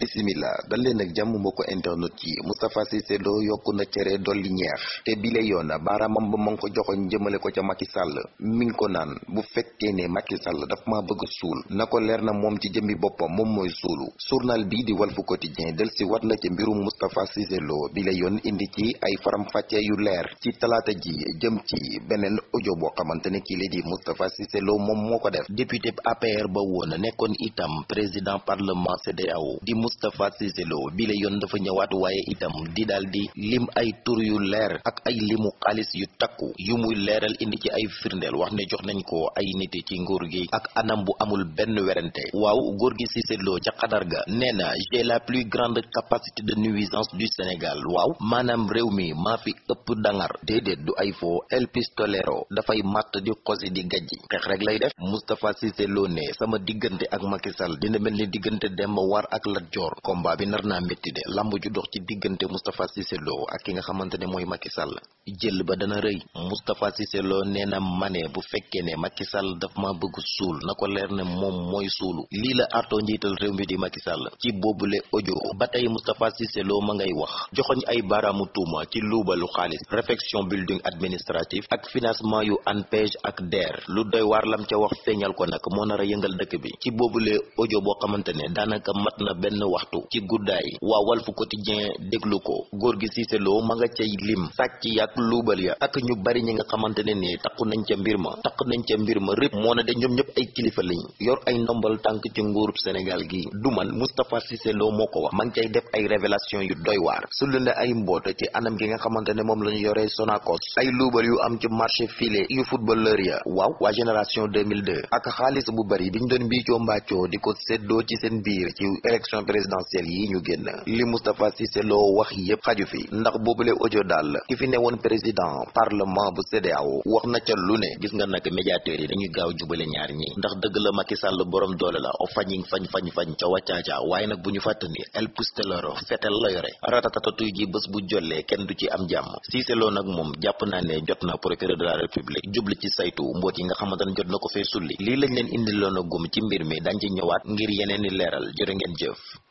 bisimila dal leen nag jàmm mbokk internet yi Moustapha Cissé Lo yokku na cere dolli ñeex te bile yoon baaraamam ba ma ko joxoñ njëmale ko ca Macky Sall ngi ko naan bu fekkee ne Macky Sall daf maa bëgg suul na ko leer na moom ci jëmmi boppam moom mooy suulu journal bi di Walf Quotidien del si wat na ci mbirum Moustapha Cissé Lo bile yoon indi ci ay faram-fàcce yu leer ci talaata ji jëm ci beneen audio boo xamante ne kii la di Moustapha Lo moom moo ko def député APR ba woon nekkoon itam président parlement CEDEAO di Moustapha Cissé Lo bi la yoon dafa ñëwaat waaye itam di daal di lim ay tur yu leer ak ay limu xaalis yu takku yu muy leeral indi ci ay firndeel wax ne jox nañ ko ay nit ci nguur gi ak anam bu amul benn werante waaw nguur gi Cissé Lo ca xadar ga nee na j'ai la plus grande capacité de nuisance du Sénégal waaw maanaam réew mi maa fi ëpp dangar déedéet du ay foo El Pistolero dafay matt di xosi di gajji xeex rek lay def Moustapha Cissé Lo ne sama diggante ak Macky Sall mel ni diggante Demba War ak Dior combat bi nar naa métti de lamb ju dox ci diggante Moustapha Cissé ak ki nga xamante ne mooy Macky Sall jël ba dana rëy Moustapha Cissé Lo nee na mane bu fekkee ne Macky Sall daf ma bëgg suul na ko leer ne moom mooy suulu lii la artoo njiital réew mi di Macky Sall ci boobule audio ba tey Moustapha Cissé Lo ma ngay wax joxoñ ay baaraamu tuuma ci luubalu xaalis réfection building administratif ak financement yu ANPEJ ak DER lu doy waar lam ca wax feeñal ko nag moo nar yëngal dëkk bi ci boobule waxtu ci guddaay waa Walf Quotidien déglu ko góor gi Cissé Lo ma nga cay lim sàcc yàq luubal ya ak ñu bari ñi nga xamante ne ni takku nañ ca mbir ma takk nañ ca mbir ma rëpp moo ne de ñoom ñëpp ay kilifa lañ yor ay ndombal tànk ci nguurub Sénégal gi du man Moustapha Cissé Lo moo ko wax ma ngi cay def ay révélation yu doy waar su leen ay mboota ci anam gi nga xamante ne moom lañu yoree Sonacos ay luubal yu am ci marché filé yu footballeur ya waaw waa génération 2002 présidentielle yi ñu génn li Moustapha Cissé Lo wax yépp xaju fi ndax boobule audio daal ki fi ne woon président parlement bu CEDEAO wax na ca lu ne gis nga nag médiateurs yi dañuy gaaw jubale ñaar ñi ndax dëgg la Macky Sall borom doole la o fañing fañ fañ fañ ca wàccaacaa waaye nag bu ñu fàttani el pustelero fetel la yore ratatatatuy ji bés bu jollee kenn du ci am jàmm Cissé Lo nag moom jàpp naa ne jot na procureur de la république jubli ci saytu mboot yi nga xamante ne jot na ko ci mbir mi dañ ci i leeral jërë